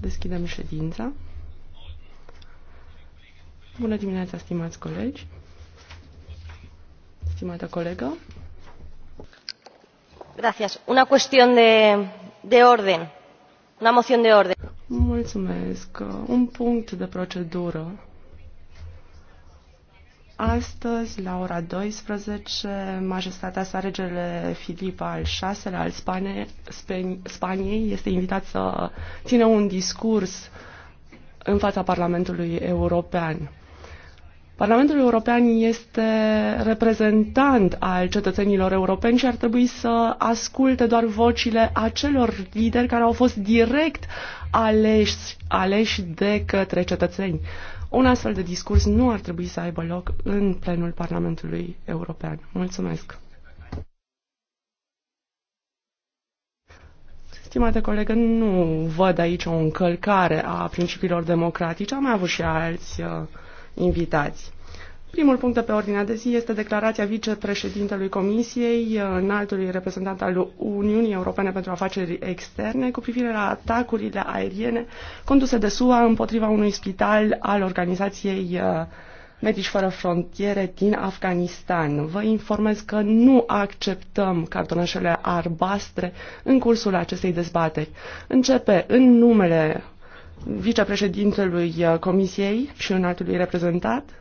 Deschidem ședința. Bună dimineața, stimați colegi. Stimată colegă. Gracias. Una cuestión de, de orden. Una moción de orden. Mulțumesc. Un punct de procedură. Astăzi, la ora 12, majestatea sa regele Filip al VI-lea al Spane, Spani, Spaniei este invitat să țină un discurs în fața Parlamentului European. Parlamentul European este reprezentant al cetățenilor europeni și ar trebui să asculte doar vocile acelor lideri care au fost direct aleși, aleși de către cetățeni. Un astfel de discurs nu ar trebui să aibă loc în plenul Parlamentului European. Mulțumesc! Stimate colegă, nu văd aici o încălcare a principiilor democratice. Am mai avut și alți uh, invitați. Primul punct de pe ordinea de zi este declarația vicepreședintelui Comisiei, uh, înaltului reprezentant al Uniunii Europene pentru Afaceri Externe, cu privire la atacurile aeriene conduse de SUA împotriva unui spital al organizației uh, Medici Fără Frontiere din Afganistan. Vă informez că nu acceptăm cartonașele arbastre în cursul acestei dezbateri. Începe în numele vicepreședintelui uh, Comisiei și înaltului reprezentat.